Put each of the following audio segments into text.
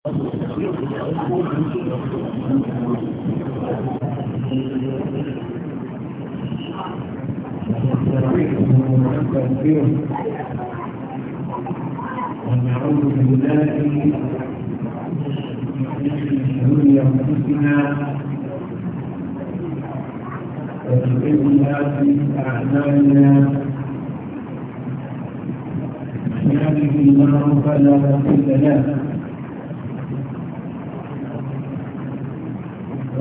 ونعوذ بالله من شرور انفسنا وسيئات اعمالنا من يهده الله فلا مضل له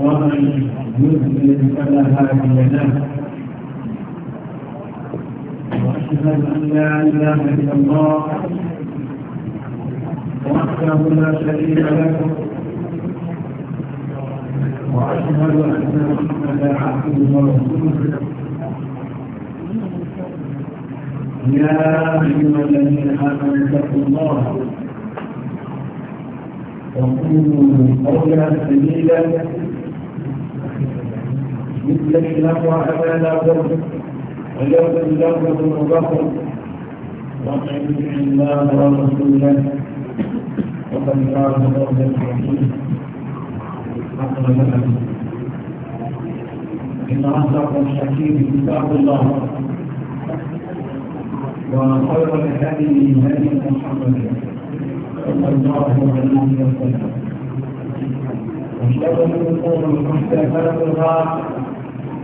ومن يذلل فلا هادي له واشهد ان لا اله الا الله وحده لا شريك له واشهد ان محمدا عبده ورسوله يا ايها الذين امنوا اتقوا الله وقولوا قولا سديدا يصلح له أعمالكم ويغفر لكم ذنوبكم ومن يطع الله ورسوله وقد الله فوزا عظيما أما بعد إن أصدق الحكيم كتاب الله وخير الهدي هدي محمد صلى الله عليه وسلم وشر الأمور محدثاتها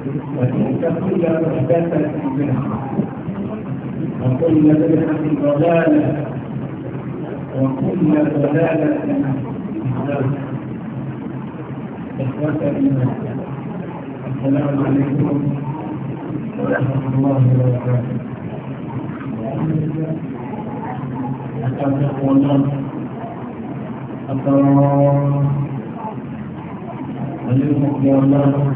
وتلك كل محدثة بدعة وكل بدعة ضلالة وكل ضلالة إخوة الإيمان السلام عليكم ورحمة الله وبركاته أستغفر الله أترى عليكم يا الله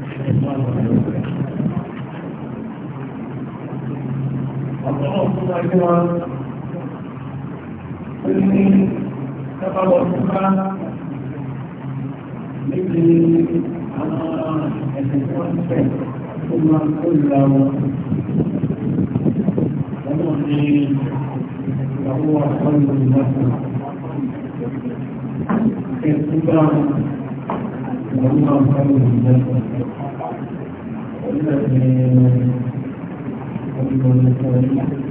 fún wọn ó ní ẹbálọ̀ fún bá níbi àwọn ẹ̀sìn tí wọ́n fẹ́ tó máa kó ìlà wọn ọmọ ní ìyàwó àkọ́lù ìlàkùn ẹ̀sìn bá ìyàwó àkọ́lù ìlàkùn Thank you.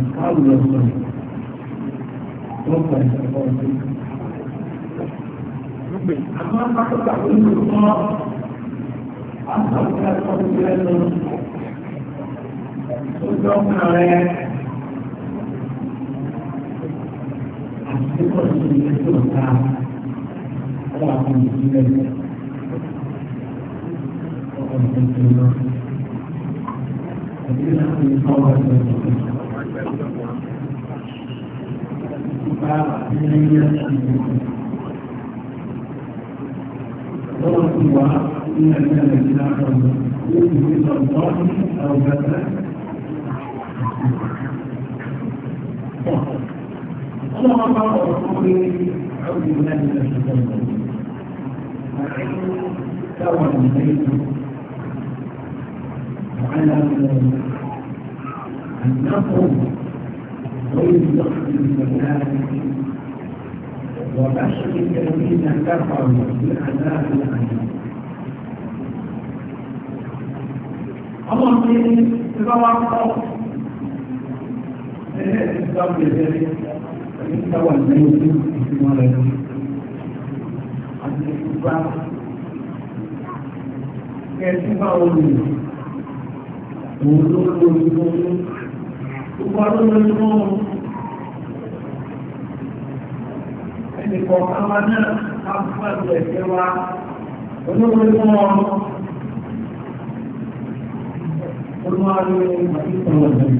أصحاب الرسول ربنا أما حتى تعلم الله أصحاب الرسول صدقنا عليك Thank you. fara filin yanki ورد الله إن كان إلى قوم يؤمن إلى الله أو بدلا اللهم صل وسلم أعوذ بالله من الشيطان الرجيم سوى البيت وعلى أن نقوم وبشر الذين كفروا بعذاب أليم الله يقول تبارك الإسلام لذلك فإن توليت ولد عن الكفار كيف تقول ولود ولود ìpàdé lórí wọn ẹnìkọ̀ọ̀kan wa náà á fún ẹ̀dọ̀ ẹ̀jẹ̀ wa olóòrè wọn olùwárí màdìkọ̀ lọ́dọ̀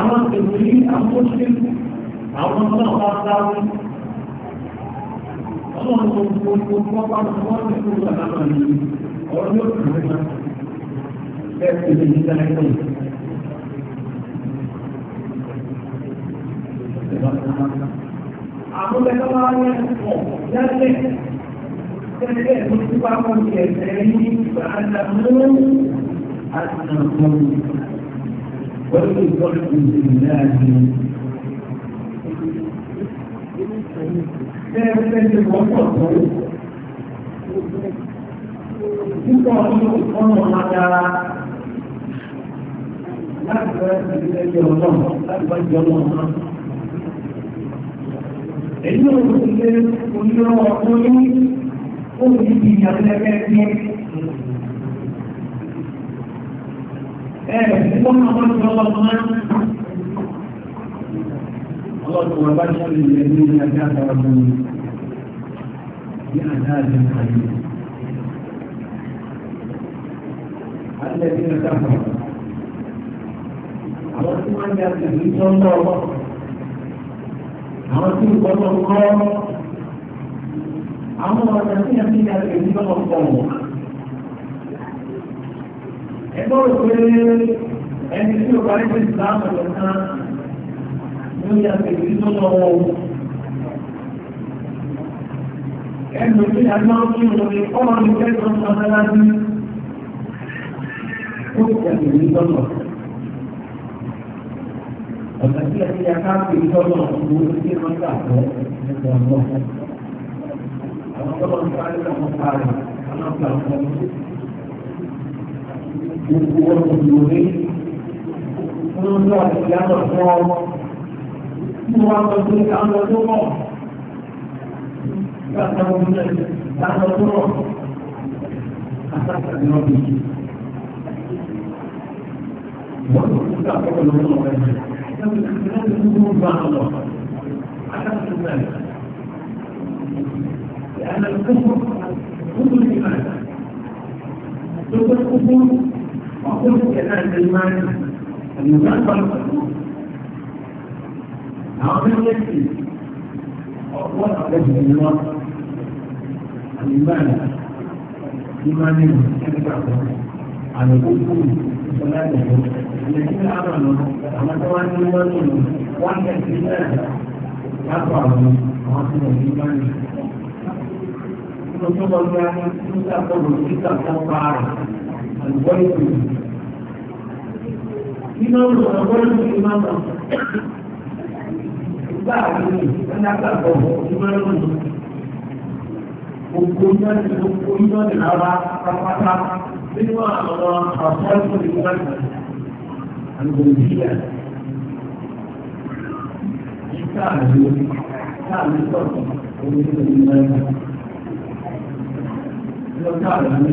àwọn ìwòrí àmóṣe àwọn ọlọ́pàá sáré ọlọ́run gbogbo gbogbo ọpá wọn ní kúrò àlámà ní ọdún òkú rẹ̀ ẹ̀kọ́ ìdíjà ẹ̀kọ́ ìdíjà àmúbẹ́tọ́ máa ń yẹn pọ̀ lẹ́lẹ̀ tẹ́lẹ̀ tó ti bá wọn ti ẹ̀sẹ̀ ní ìgbà àdàmú àtàkùn pẹ̀lú ìtọ́jú ìlànà Tẹ́lẹ̀ tó wọ́n pọ̀ tó. Púpọ̀ ní ọ̀nà àdára láti bẹ̀rẹ̀ ìgbẹ́jọ́ náà láti bá jọ náà èyí ò ti ṣe onílọ́wọ́ ọkùnrin ó ti di ìyàtẹ́kẹ́ sí ẹ̀rẹ̀ tí wọ́n máa ń sọ ọmọ ọlọ́dún wọn bá ṣọ́lẹ̀ ilẹ̀ ní ilẹ̀ ajá àtàrà fún ní àjá àjá àjá Alẹ́ tí ó dákọ̀. Àwọn tí wọ́n ń yàtọ̀ ní sọ́ńdọ̀ ọlọ́pàá àwọn tí ń gbọ́dọ̀ kọ́ àwọn ọ̀nà tí wọ́n ti ń yàtọ̀ ìdí lọ́wọ́ pọ̀ wọ́n. ẹgbọ́n rò pé ẹni tí ó parí sí ìsìláàmù lọ́sàn ló yàtọ̀ ìdí lọ́wọ́ wọn. ẹnu tí a máa ń kí wọn ní ọmọ mi fẹ́ sọ́sọ́ náírà ní ó yàtọ̀ ìdí lọ́wọ́ ọ̀nà dia tidak ti yà ká pè é tọ́lọ̀ ìwé tí wọ́n gbà tọ́ kalau ọ̀nà. Àwọn tọ́lọ̀ ń parí àwọn parí àwọn ọ̀gá ọ̀gá gbogbo ọmọ ìwé ló ń lọ ìyàtọ̀ fún ọmọ tí wọ́n tidak sí àwọn tó mọ̀ láti àwọn ọmọ ìwé láti كتاب الاختلاف منهم مع الله عشان ذلك لأن الكفر كفر الإيمان ضد الكفر وقلت كذلك الإيمان الإيمان والكفر عظيم يكفي وقوات عليه الإيمان الإيمان إيمان كذلك على الكفر ثلاثة الذين آمنوا ومن كانوا يؤمنون وعملوا الصالحات كفروا وحسن الإيمان كتب الله تستقر كتاب القرآن البيت إمام الغرب إمام Báàrin ẹ̀dágbàgbọ̀ ìmọ̀lẹ́mọ̀ gbogbo iná ti gbogbo iná ti lára pátápátá nínú àwọn àpọ́ìsọ̀ ìgbàgbọ̀ àlùbọ̀dìyà káàmì káàmì sọ̀tọ̀ omi tó ti lọ ẹ̀ka lọ káàmì ní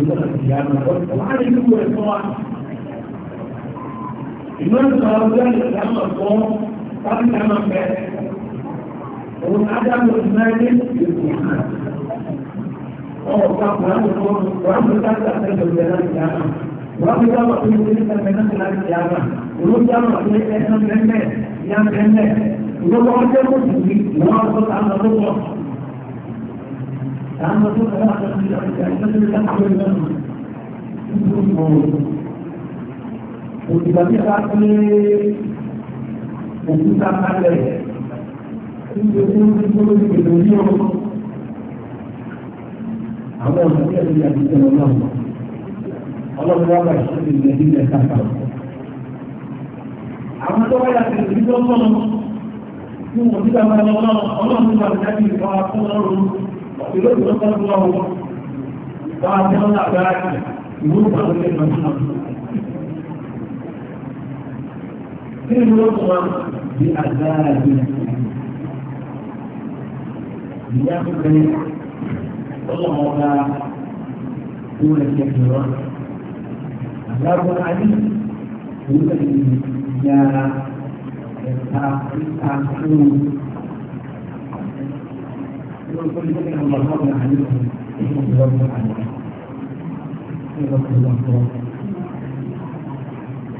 ìlọ́sọ̀ ti yá lọ wọ́n á lè lúwọ̀ ẹ̀kọ́ wa wọ́n yá wà tó ní ẹgbẹ́ náà láti ṣe àgbà olú yá wà tó ní ẹgbẹ́ náà yá bẹ́ẹ̀ olówó ọjọ́ kò sì ní wọ́n sọ táwọn ọdún pọ̀ táwọn ọdún pọ̀ wọ́n sọ sí ẹgbẹ́ tó ní láti ṣe àgbà òtùgbà tí a pé òkúta kalẹ̀ níbi owó nígboro ìgbèrò ní ọ̀rọ̀ àwọn ọ̀nà tí a ti yàgbé tẹ̀lé náà ọlọ́run wá bàjẹ́ sí ilẹ̀ nílẹ̀ káfà. àwọn tó wáyà sí ìlú tó mọ̀ ní wọn nígbà máa lọ náà ọlọ́run nígbà tó dájú ìfọ̀ fún ọlọ́run ìlú tó tọ́ fún ọwọ́ wọn á tẹ́ wọn àgbára ìwé ìgbà tó lè máa tún Kí ni wọ́n tún wá Di àgbára yìí? Ìyá tó bẹ̀rẹ̀ ọlọ́run ọba tó rẹ̀ ṣe kìlọ́ọ̀tì. ضرب عليم يبين يا تعقلون يقول لك ان ضربنا عليكم ضربنا عليكم ضربنا الله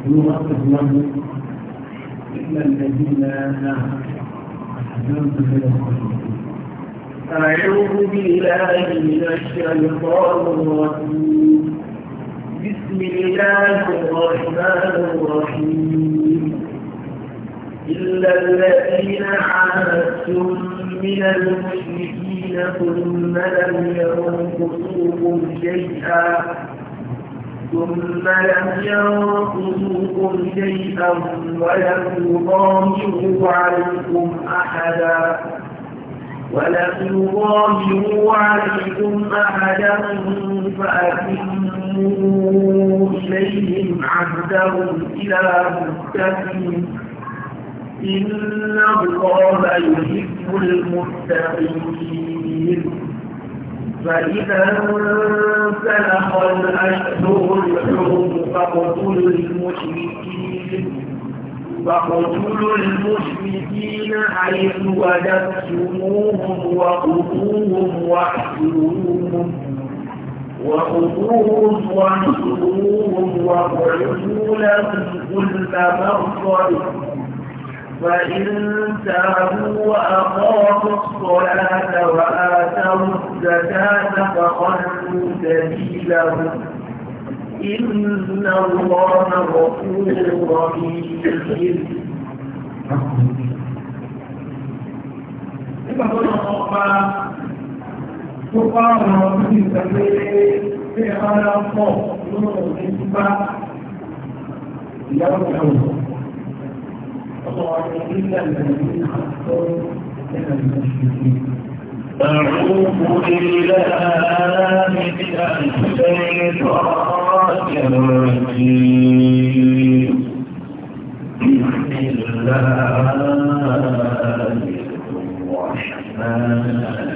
يوافق له الا الذين احزنتم من الخشوع أعوذ بالله من الشيطان الرجيم بسم الله الرحمن الرحيم إلا الذين عاهدتم من المشركين ثم لم ينقصوكم شيئا ثم لم ينقصوكم شيئا ولم يظاهروا عليكم أحدا ولم يظاهروا عليكم أحدا فأتموا إليهم عهدهم إلى مستقيم إن الله يحب المتقين فإذا انسلخ الأشهر الحرم فاقتلوا المشركين فاقتلوا المشركين حيث وجدتموهم وخذوهم واحسروهم وخطوط وحشوهم وقعدوا لهم كل مرصد فإن تابوا وأقاموا الصلاة وآتوا الزكاة فخلوا سبيلهم إن الله غفور رحيم Nígbà tó tó bá wọn sí ìtàgé pé ara pọ̀ lóòrùn ní bá ìyàwó ìyàwó أعوذ بالله من الشيطان الرجيم بسم الله الرحمن الرحيم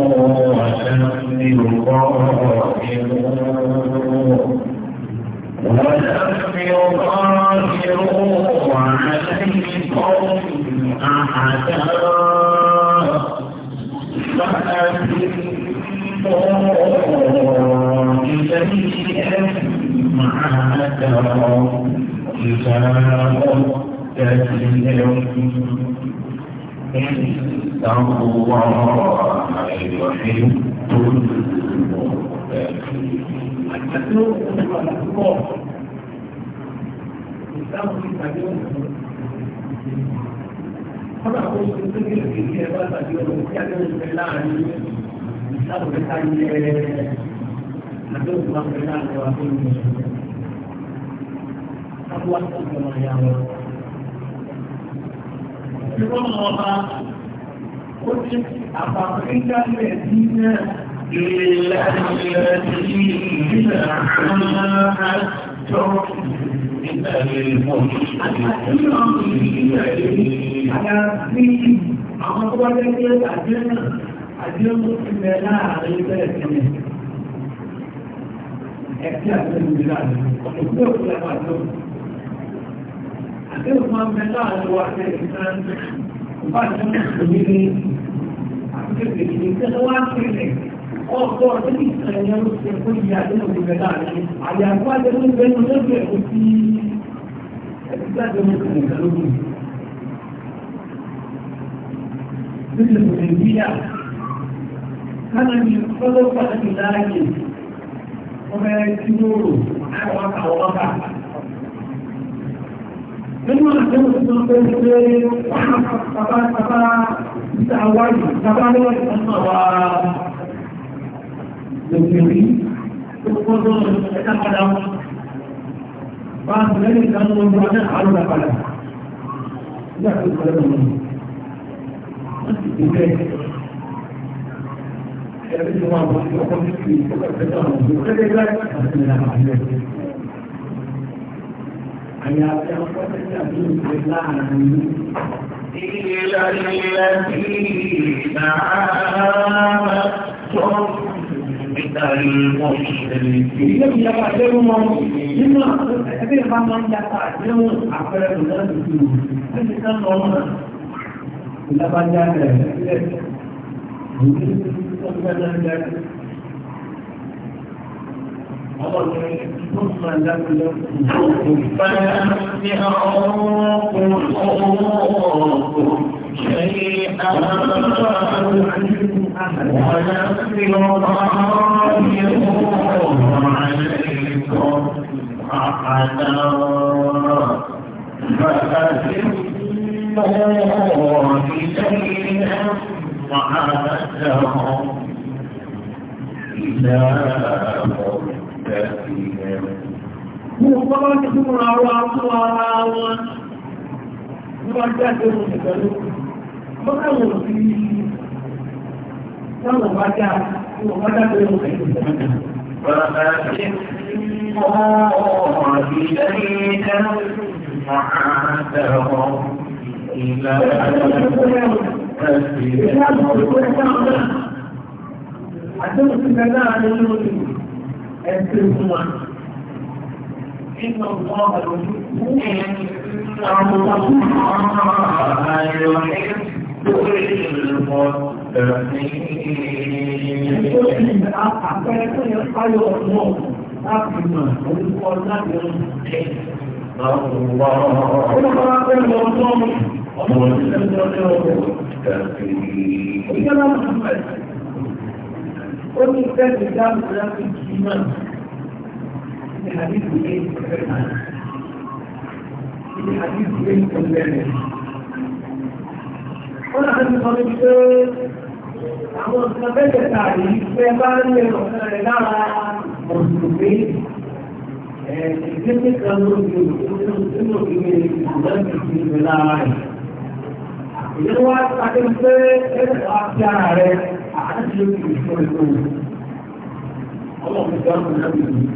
ló ń fi wà púpọ̀ ìsáàmù ìpàdé òun kọ́nà kó ṣe tó kí lóde kí ẹ bá pàdé òun kí adé òun fẹ́ láàrin ìsáàmù mẹ́ta yẹ adé òun máa fẹ́ láàrin wa fún mi. Àwọn akọ̀ọ̀kọ̀ máa yà wọ́n. Ìfọ́nà ọba ó ti àpapọ̀ ìgbàlẹ̀ bí náà. لله الذي منعها حتى من المشركين àwọn tó bá jẹ́ pé àjẹ́nà àjẹ́mú ilẹ̀ láàrin bẹ́ẹ̀ sílẹ̀ ẹ̀kí àjẹ́mú ilẹ̀ láàrin ọ̀pọ̀ òkú lẹ́pà tó àjẹ́mú máa ń bẹ láàrin wà ní ìsìnkán bá jẹ́ mú ìsìnkú ní àti kéèkéé ní ìsìnkú wá sílẹ̀ ọkọ̀ ọ̀dẹ́bí ìṣẹ̀lẹ̀ ló ṣe fún ìyá nínú ìgbẹ́ láàrin àyàkó àjẹmọ́ ìgbẹ́ inú lọ́gbẹ̀ kò sí ẹ̀sìtàjọ mọ́ ìṣẹ̀lẹ̀ ìṣẹ̀lógún. Nílùú Nàìjíríà, Kánàbí fọ́lọ́ pàtàkì láàyè, ọmọ ẹ̀ tí ó rò àwọn àkàwọ́kà. Nínú àjẹmọ́ tó ń pẹ́ pé wọ́n á bàbá bàbá ìta wáyé, bàbá lọ́wọ́ lòdì rí gbogbo tó ń ẹ̀ka padà wọn. Bá a sọ̀rọ̀ ní ìdáná wọn bọ́ náà àárọ̀ dà padà. Nígbà tó sọ̀rọ̀ lọ́wọ́ wọ́n ti kú bẹ́ẹ̀. Ẹ̀rí ni wọ́n àwọn ọkọ̀ mi fi ọkọ̀ ìfẹ́ta wọn bọ̀ kẹ́kẹ́ láì wọ́n ti rìn àwọn àlẹ́. Àyà àti àwọn ọkọ̀ tẹ̀lé àbúrò ìfẹ́ láàárín إلا الذين آمنوا Ọlọ́run tó máa dákúlọ́ kò fẹ́ ní ọ̀rọ̀ kò ọ̀rọ̀ kò. شيئا ونفرض عليكم أحدا فأتموا إلينا وعادهم إلى مدتهم وقالت مرارات وراء الله وقالت مرارات báwo fi báwo bá dá ìwọ̀n bá dá pé òun ẹ̀yìn ìjọba Àjọ́mù ti fẹ́ láàrin lórí ẹ̀sìn fún wa. Nínú ọmọ ọ̀rọ̀ fún ẹ̀yìn àwọn ọmọ ọmọ ọmọ ọmọ Ó ní fẹ́ ìdáhùn láti jù náà ní àdíkù ní ìpẹ̀lẹ̀ náà. Ní àdíkù ní ìpẹ̀lẹ̀ náà sọ níbi pé àwọn nǹkan mẹ́tẹ̀ẹ̀ta yìí fẹ́ bá ń lè ọ̀sán rẹ̀ lára mùsùlùmí ẹ̀ẹ́dẹ́gbẹ́ kan lórí nínú ìwé ìgbàlódé ti ń bẹ lára rẹ̀. ìlú wa pàdé pé ẹ̀rọ àti ara rẹ̀ àti lórí ìṣòro ìṣòro ọlọ́run ti dáhùn náà nìyí.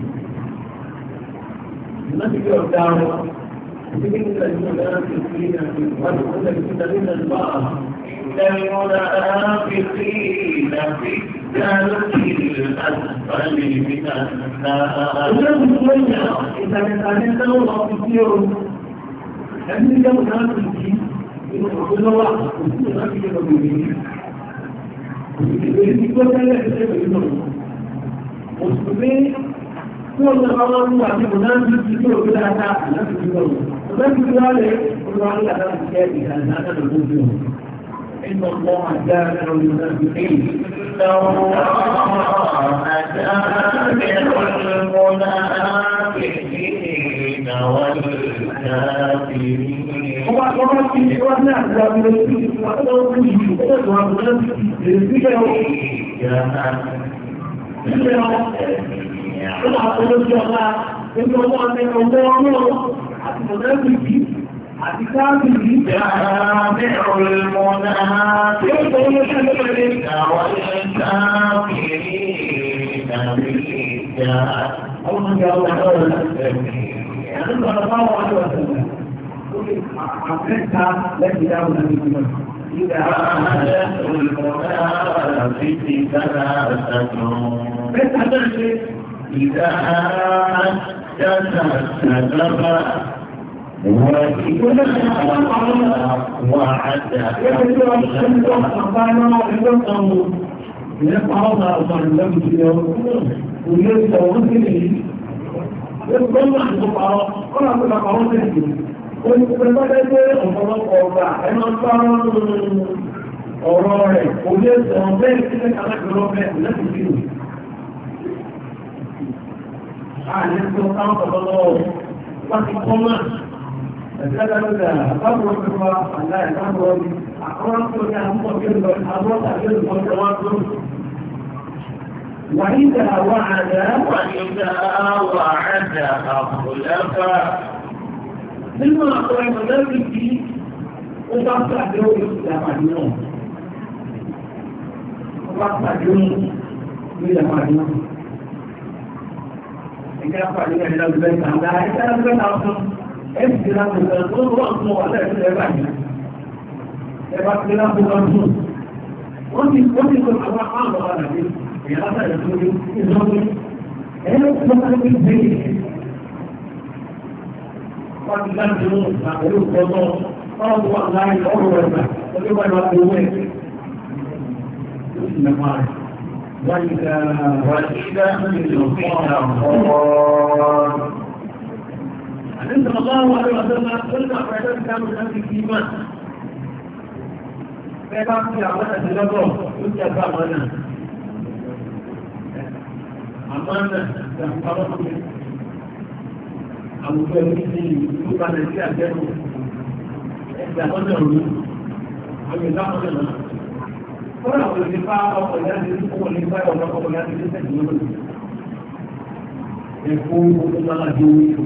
ìlú náà ti gbé ọ̀dà wọn. إن المنافقين والمنافقين البعض لا ينافقين في الدرك الأسفل من النار. Ẹni jẹ́ òṣèrànlọ́pìtì inú òṣèlọ́wà kò sí ìrìnàjò ìjọba ìrìnàjò. Òṣèlú ìgbọ́tẹ́lẹ̀ ìṣẹ́lẹ̀ ìlọ́rùn. Òṣèlú tí wọ́n lọ bá wọ́n mú àbíkò náà ní ti tí òkú dáadáa àláfi tí wọ́n lọ. Ọ̀gbẹ́ ti wọ́n lè olúwa ní àdáàbò jẹ́ ìdáná àdáàbò tó bí wọn. إن الله دافع المنافقين إن الله دافع المنافقين والكافرين Ọba ọba ti ṣe wá ní àjọ àwọn olóòtú ọlọ́run yìí ọjọ́ àwọn olóòtú ìrìnlẹ̀ ọ̀hún nínú àpolójú ọ̀la nínú ọmọ ọmọ ọmọ ọmọ àti mọ̀lẹ́bí yìí àti káàbì yìí. Ìyáàbí olùmọ̀ náà tí ó tó ní sẹ́lẹ̀ àwọn ìsáàbì ìdàbí ìjà. Ọmọ ìjà ọmọ ọ̀la ẹ̀mí. Àdúgbò ọ̀la wà lọ sẹ́lẹ̀. Àfẹ́ta lẹ́yìn ìdáhùn náà ní ìgbìmọ̀. Ìdáhùn olùmọ̀ náà ti ti dára sàtọ̀. Bẹ́ẹ̀ إذا حدث كذب وإذا وعد Ọ̀rọ̀ rẹ̀ kò lè sọ̀rọ̀ bẹ́ẹ̀ sílẹ̀ alágbèrè ọ̀bẹ̀ lẹ́sìn kìí. àní tó káńtọ̀ lọ́wọ́ wọ́n ti kọ́ mọ́ ẹ̀sẹ̀lẹ́gbẹ̀rẹ̀ àbábọ̀ tó wá aláìláàbọ̀ ọdún àwọn tó ní àmúkọ̀ bí lọ àwọn tàbí olùkọ́ wá tó وإذا وعد وإذا وعد أخلف nínú àwọn ìmọ̀lẹ́bí ìjọba pàdé ẹ̀rẹ́ lọ́gbẹ́ ìgbàgbà ìjọba lọ́gbẹ́ ìgbàgbà ẹ̀sì ti láti ìgbà tó ń wọ́n fún wà lẹ́sìn ẹ̀bà yìí ẹ̀bà ti láti lọ sùn ó ti ó ti kọ́ àwọn àwọn àwọn àdàbí ìyá látàrí tó ní ìjọba ẹ̀rọ tó bá ní ìgbé wọ́n ti láti mú àpẹẹrẹ ìgbọ́tọ̀ ọ̀rọ̀ wà láàyè ọ̀rọ̀ ẹ̀bà ọjọ́ bá yọ وإذا القرآن عند الله عليه وسلم كل ما فعلت كانوا من أهل الإيمان فإذا في عملة الأمر يجب أمانة أمانة تحقق أو تنسي يبقى نسي أجابه إذا قدروا أو يلاحظ fún àwọn ìfipá ọkọ̀ ìyáàdì tó kọ̀ ní ìfá ọ̀dọ́ ọkọ̀ ìyáàdì tó tẹ̀lé lórí. Ẹ̀kọ́ owó máa di owó yìí.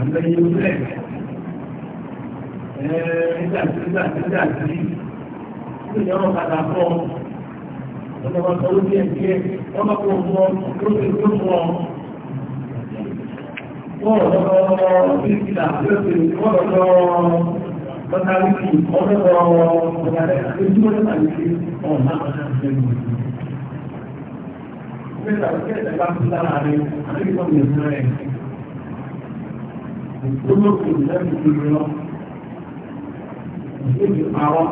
Àgbẹ̀yẹ mọ́tàlùkì ọ̀rẹ́wọ̀ ọ̀gáyà ojúmọ́ mọ́tàlùkì ọ̀nà àtàlùkì Nígbà tí ẹ̀dá bá ti lára rẹ̀, àríwá mi ìlú rẹ̀. Ìgbólógún lẹ́nu ti lọ. Ìgbésí parọ́.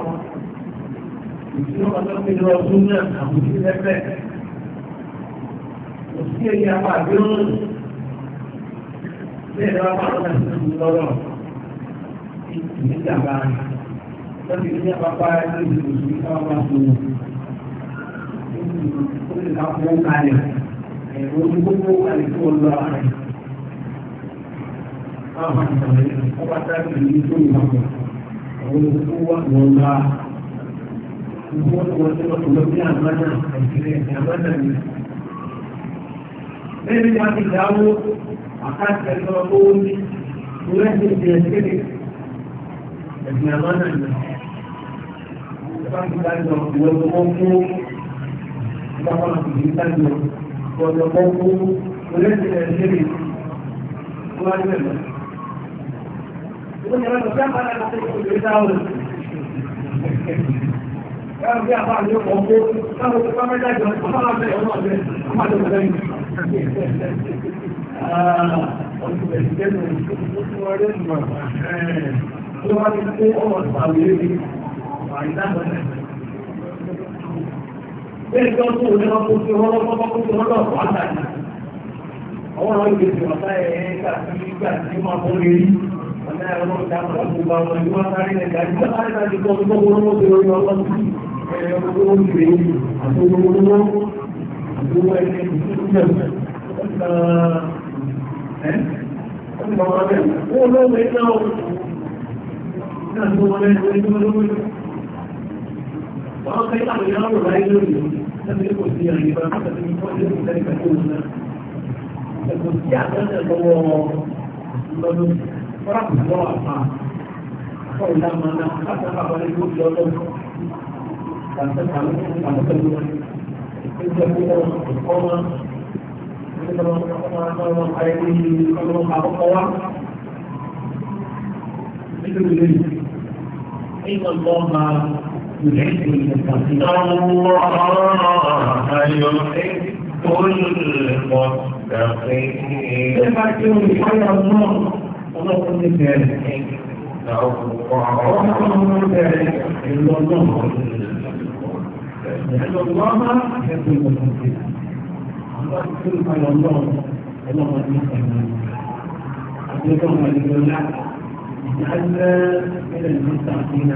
Ìgbésí ọmọdé ti lọ ọdún náà àbùkù lẹ́fẹ̀. Òsì ẹ̀yà pàdé lónìí. Bí ẹ̀dá bá ní ìjàmbá rẹ̀ lọ́sí ní apapá ẹgbẹ́ ìdìbò sí káwọn máa fò wọ́n. ó lè ká fún wọn kalẹ̀ ẹ̀rọ ní gbogbo kalẹ̀ tó lọ rẹ̀. máa ma sọ̀rọ̀ yìí bá sáré ìlú tó yìí máa bọ̀ àwọn olùkọ́ wà wọ́n lọ. Gbogbo wọn wọ́n ti wọ́n lọ sí àmàlà ẹ̀sìn àmàlà mi. Bẹ́ẹ̀ni wọ́n ti dáwọ́ àkáǹtì ẹ̀sọ́ owó ní ìrẹsì ìdíyẹ̀sì ẹ̀sìn ẹ̀mọ́ náà ni ti dájọ́ ìwé ọmọ fún ìgbà kan àti ìdí dájọ́ ìwé ọmọ fún olóṣèlú ẹ̀ṣẹ̀lẹ̀ tó wá ní ẹ̀mọ́. Ìgbésẹ̀ lọ́dọ̀ bí àpárá ti ṣe ìgbésẹ̀ dáhùn. Káwọn bí àpárá ni ó kọ̀ káwọn tó bá mẹ́ta jọ àpárá bẹ̀ ọmọ ọ̀bẹ àpárá tó bẹ̀ Ọdún ẹ̀sìn jẹ́ nù, ó ti wọlé nù tó wá ti pé ọ̀rọ̀ ìpàwéré ni àìdáàbọ̀ náà. Bẹ́ẹ̀ tó tó ní wọ́n kó sí wọ́n lọ́wọ́ kó sí wọ́n lọ́wọ́ wá láti. Àwọn ọ̀rọ̀ ìgbésẹ̀ ọ̀tá ẹ̀ nígbà tí nígbà tí wọ́n kó lè rí. Ọ̀nà ẹ̀rọ ìdáàbọ̀ gbogbo àwọn ìlú wọn sáré lẹ́gbàá. Ìjọba sáré láti kọ́ ọdún gbogbo wọn lọ́wọ́ lórí ọlọ́run. Ẹ̀rọ gbogbo wọn ti rèé àti gbogbo wọn lọ́wọ́. Gbogbo ẹni ìjọba náà tó wọlé ní orí tó lówó lò. Wọ́n kẹ́ àwọn ìyáwó ráyé lórí lẹ́gbẹ̀ẹ́ kò sí àyè bá kọ́ta tó ní إن الله يحب المتقين الله يحب المتقين كما كانوا يحيى الله الله قد ذلك إن الله لأن الله يحب المتقين الله يحب الله الله يحب المتقين اجعلنا من المستعصين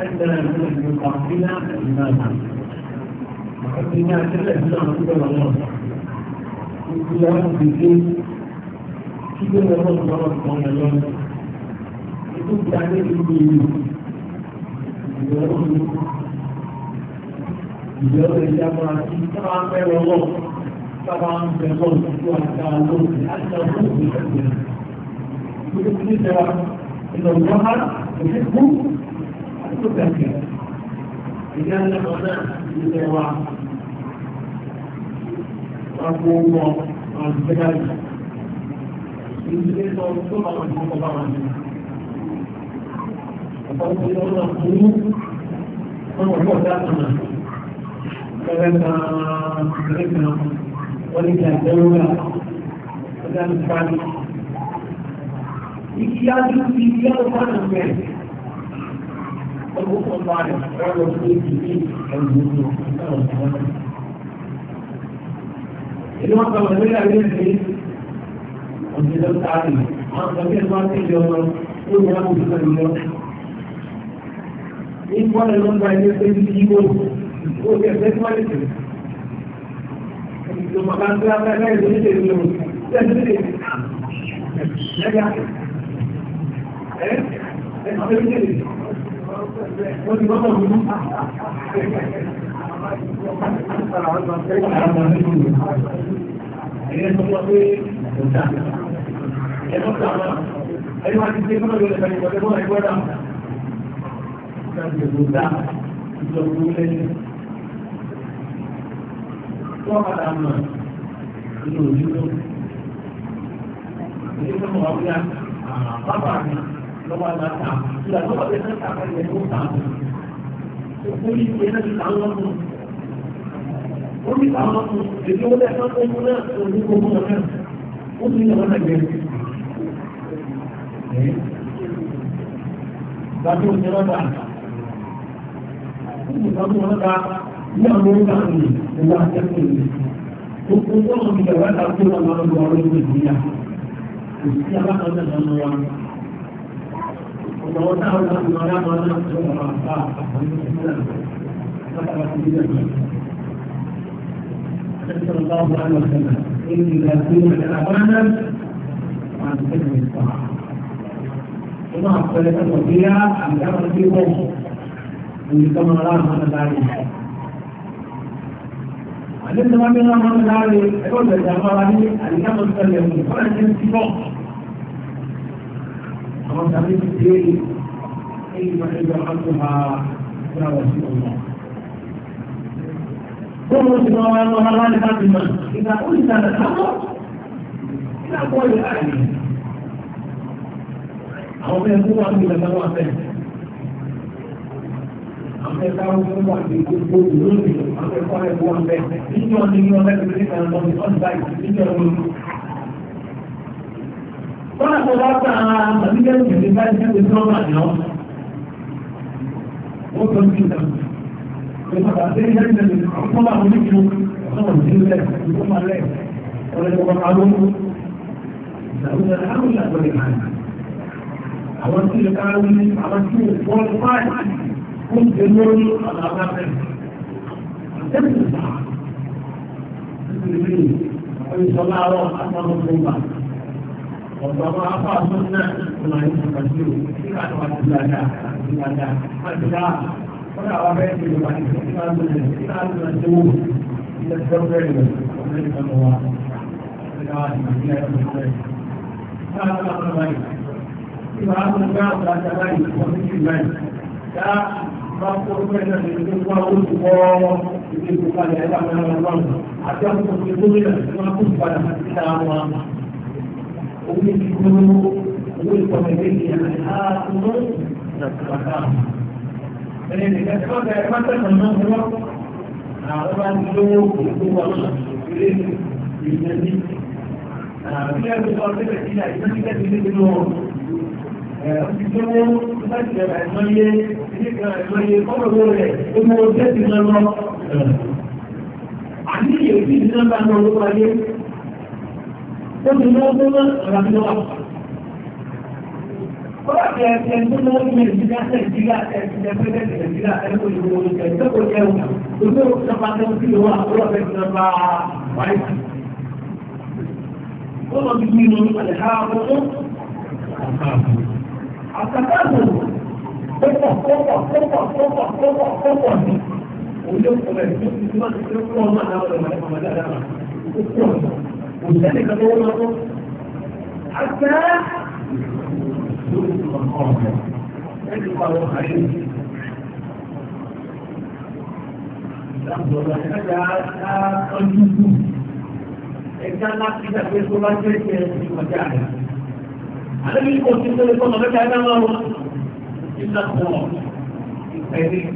اجعلنا من المستعصين اماما وحبنا كل اسلام كل الله كل يوم في الدين كل يوم مرة من الله يكون عليه الدين Ìjọba ìjọba àti ìjọba ń bẹ̀rẹ̀ lọ́wọ́, ìjọba ń bẹ̀rẹ̀ lọ́wọ́, ìjọba ń bẹ̀rẹ̀ lọ́wọ́, ìjọba ń bẹ̀rẹ̀ إن الله يحب المتقين إذا لقنا بالدعوة وأقوم بالبلاد Ìjọba ọ̀tọ́ àwọn ìjọba wọn ni. Ọ̀pọ̀lọpọ̀ ìjọba fún ọmọ ọ̀pọ̀ dákàmà. Kẹ́lẹ́ta kẹ́lẹ́ta wọ́n ní kí àjẹ́wọ́lá. Ọjọ́ àti ihtiyacı bilgiye olan ümmet. Bu konuları öyle bir gibi ömrünü İlman kavramıyla ilgili Onların tarihi. Ama bir zaman geliyorlar. Bu yana kurtarıyor. İlk var elman belgesel bir iyi bol. O gerçek var ise. Makamcılarla ne edilmiş ediliyor. Sen de ne? Ne yapıyorsun? Wọ́n padà mọ̀ nínú òjúlọ. Èyí tó mọ̀ ọ́ bí a bàbá mi lọ́wọ́ àgbà tà ìgbà tó wà bẹ̀rẹ̀ tà fẹ́ yẹn tó tà orí ìwé náà ti tàwọn ọmọ ó ní tàwọn ọmọ èdè ó lẹ́ẹ̀kan tó mú náà tó ní gbogbo wọn náà ó ní ìyàwó náà gbẹ̀rẹ̀ gbàtí ó ti rọ́dà ó ní ní àwọn orúkọ àwọn ènìyàn ìwà àtẹ́kùn ìlú gbogbo tó wọn ti gbàgbọ́ àtàkùn àwọn ọmọ ọmọ ọmọ ìgbìyà kò sí alákọ̀ọ́sẹ̀ náà wọn ìjọwọ́ àwọn ìṣẹ́lẹ̀ látara sí ilẹ̀ náà. Ẹ̀sọ́ ọlọ́wọ́ àwọn ọ̀sẹ̀lẹ̀ nínú ìlà tí ó rẹ̀ àbáńdá máa ń bí wọ́n máa láwọn ọmọ láàrin. Àdéhùn máa ń bí wọ́n máa ń láàrin ẹgbẹ́ ọ̀sẹ̀ ìjàmbá wa àwọn tàbí ti dé ìgbà ìgbà àti ha ìgbà wà sí ọmọ. Bọ́ọ̀lù ti máa wáyé wọn aláàlẹ́ láti mọ̀ ìgbà ó ti dàgbà sábọ̀ ìgbà kọ́ ìlú àyè. Àwọn ọmọ ẹgbẹ́ wa ń gbé ìgbà wọn fẹ́. Àwọn ẹgbẹ́ wa ń gbé wà ní gbogbo ìlú lónìí, àwọn ẹgbẹ́ wa ń gbé wọn fẹ́. Níjọ́ ni wọ́n fẹ́ fi ní ìgbà lọ́wọ́ Bọ́lá tó bá ta àbíkẹ́ ìgbèlè báyìí ṣe ń tọ́ bàjẹ́ ọ́. Wọ́n tọ́ sí ìdá. Ìpàdà sí ilé ìdẹ̀lẹ̀ ọ̀pọ̀ àwọn oníkìlú ọ̀sán ìdílé ìgbọ́mọlẹ̀ ọ̀rẹ́ ọmọ alóhùn. Ìdàrúdà láwọn ìlànà ìlànà. Àwọn tí ìlú káàrí àwọn tí ò fọ́ fáìlì ó ń jẹ lórí ọ̀nà àbáfẹ́. Àtẹ́bùsà. Ìgbèlè ọ̀yẹ̀sọ̀ láàárọ̀ àtàwọn ọmọ ọ̀gbọ́n máa fà fún náà tó máa ní ìpàdé o nígbà tó wà ní ìlànà ìlànà àtìlá kọ́nà àwọn abẹ́rẹ́ ti lọ́wọ́ àti ìlànà ìlànà ìlànà tó wù ilẹ̀ tó bẹ̀rẹ̀ lọ ọ̀gbọ́n ní ìlànà wa ìlànà ìlànà ìlànà ìwà àgbà àgbàdà báyìí ọ̀gbọ́n ní ìlànà dá máa kó pẹ́ẹ́nà ìdókòwò olùkọ́ ìdókòwò àti ẹ̀dá mẹ́rin ọlọ́run àti ọkùnrin gómìnà tí wọ́n kú padà sí àwọn àwọn ومنه ويقوم به الحاكم والحاكم فإن كتبت مثلا النظرة طبعا له هو إليه بالنبي فيها مقاربة إلى إمامك بالنور Ìjọwọ́ láti ẹ̀rọ ìmọ̀ye, ìdíkà ìmọ̀ye, ọmọ rẹ̀, ọmọ ọjọ́ ti lọ́wọ́. Àníyè òfin ìdílọ́gbà náà ló wáyé, tó ti lọ́wọ́ tó lọ́ ọ̀rọ̀ mi lọ́wọ́. Kọ́lá ti ẹ̀sẹ̀ tó lọ́wọ́ ní Nàìjíríà Nàìjíríà ẹ̀sẹ̀ pẹ́ẹ́dẹ́sì Nàìjíríà ẹ̀kọ́ ìlú oúnjẹ ìjọ́kọ̀ jẹun. Òṣèlú tó ń kílò wà lọ́wọ́ fẹ́ ti lọ́ba wáyé. Ó lọ bí mi lórí àlẹ́ ha ọ̀pọ̀ Àkàtàkù pọ̀pọ̀ pọ̀pọ̀ pọ̀pọ̀ pọ̀pọ̀ pọ̀pọ̀ pọ̀pọ̀ ni. Òun yóò kọ̀ ẹ̀ tó ti tó máa ti tó kọ́ ọmọ àdáwọ̀ ọ̀dọ̀ والثاني كان هو الرقم حتى يوصل القرار يجب على الخير الأمر والحاجة قلبه إن كان نفسك في صلاة في مكانه على من يكون في صلاة صلاة هذا ما هو إلا الخلاص الخيرين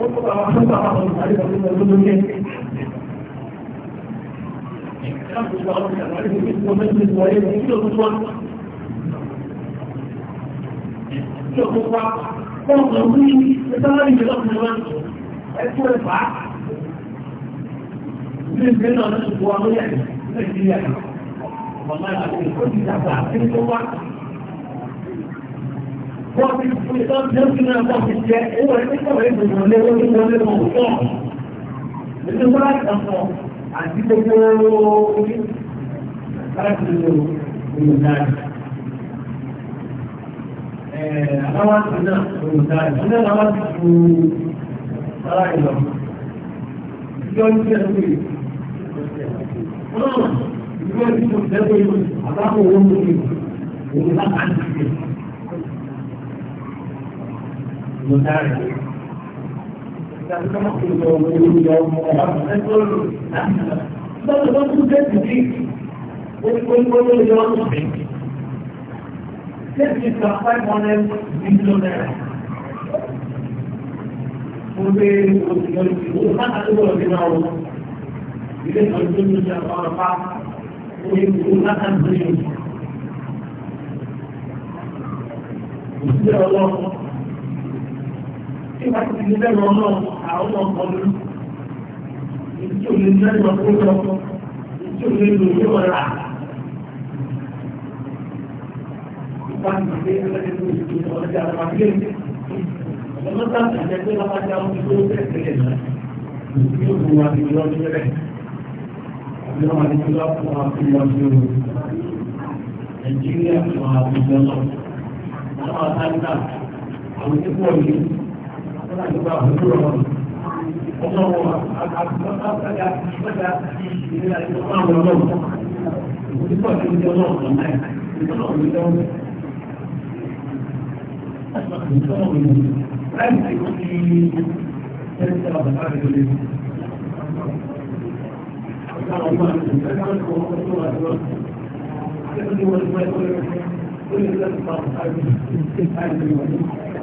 وقد أخذت أخذ الخيرين Wọ́n ti fún ìtọ́jú ní ọjọ́ ìjẹ́ owó ẹgbẹ́ ìwọ̀n lé orí wọlé ọmọ òṣùwọ̀n. Ètò wọ́n láti ọ̀pọ̀ àti gbogbo orí láti lo olùdarí. Àwọn àti náà olùdarí, wọ́n náà wá ti ju sára ìlọ. Ìjọ ń tẹ́ lórí. Ìjọ ń tẹ́ lórí àbáwọ̀ owó lórí òun láti ṣe. Olùdarí. Ìjọba tó ń lọ owó lórí ọmọ ọ̀gá ọ̀gá ẹgbẹ́ olùdarí. Bọ́lá bá kú dẹ́tì bí oníkóníkóní lè wọ́n tún bí. Dẹ́tì ka five hundred million naira. Mo gbé òṣìṣẹ́ òṣìṣẹ́ òṣìṣẹ́ láti wọ́n ti máa wọ́n. Ilé ìtọ́jú tó ń ṣe àwọn ọ̀pá orí ìlú láti ń bí. Òṣìṣẹ́ ọlọ́run. Tí wàá ti di lẹ́nu ọlọ́run, àwọn ọmọ ọlọ́run tí lè mẹ́rin wọn kó lè lò ní ọ̀la. Ìbánisẹ̀ ẹlẹ́dẹ̀ẹ́ tó ti di ọjà àwọn akéwì. Ọlọ́dà wọ́n máa ń Àwọn àtàkà àwọn ìdíkù وضرورة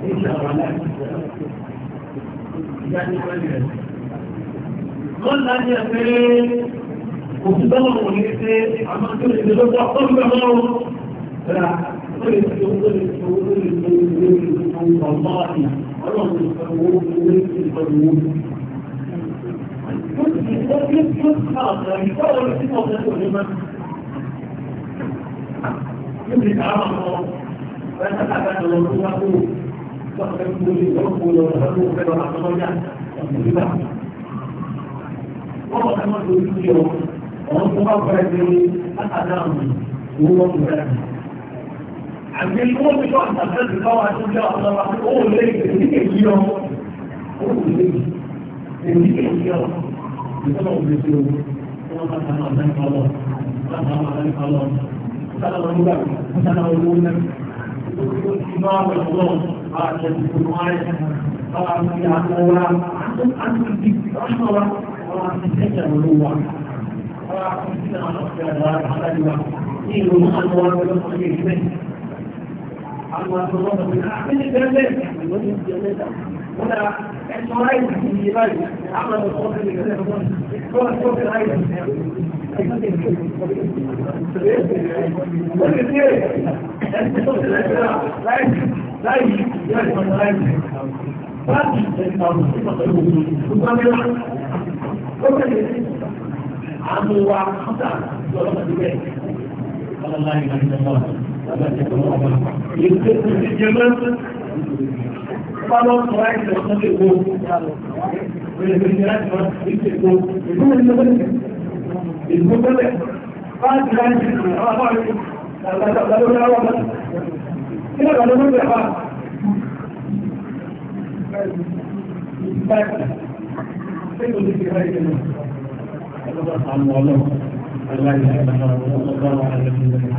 إن شاء الله wọ́n láti ẹ̀fẹ́ òṣìṣẹ́lọ̀ wọ̀n ní pé àmọ́ tó lè lọ sí wákò. Wọ́n fẹ́ kú wọ́n kàn máa lórí sí ọ ọ̀hún tó bá fẹ́ pé látàdá àmì owó wọn kò rẹ̀. àgbẹ̀ ìwọ́n ti kọ́ àtàkùn ti bá wa tó jẹ́ ọ̀nà wa ó lé èdè kejì ọ ó lé èdè kejì ọ ìtọ́nà òbí ti o wọ́n bá tà náà lẹ́nu ọlọ́ bá tà náà lẹ́nu ọlọ́ bá tà náà lọ́gbà bá tà náà owó náà ó ti bá wọn lọ́wọ́ bá a jẹ́ ìfowópamọ́ ayé bá a fi àtọwọ́ àtúntì rọ́ṣọ́ wa. Láìsí ìjọ́ ìpàdé láìsí, láti ìjẹ́ ìpàdé sí pàtàkì òun, ó bá mẹ́rin ó tẹ̀lé sí àánú wa kọ́tà lọ́lọ́mọdé bẹ́ẹ̀ ọlọ́lá ìgbàlódé náà ètò ìjẹmọ́ Fáwọn ọmọ ẹgbẹ́ ọ̀sán lè wo ìrìnlẹ̀ ẹgbẹ́ ìṣègbò ìlú ìlúgbẹ́lẹ̀. Ìlúgbẹ́lẹ̀ bá ti láì sí àwọn àwọn àgbàlagbà lórí àwọn ọmọ. Kí lọ́gbà lórí ẹ̀fà? Báyìí. Tẹ́lú ní ìrẹ́ ìrìnà. Ọlọ́pàá àmọ́ ọlọ́pàá. Aláìsí àtàkàrà ọlọ́pàá àwọn àlẹ́kùnrin.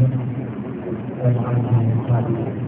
Ọlọ́pàá àwọn àlẹ́kùnrin.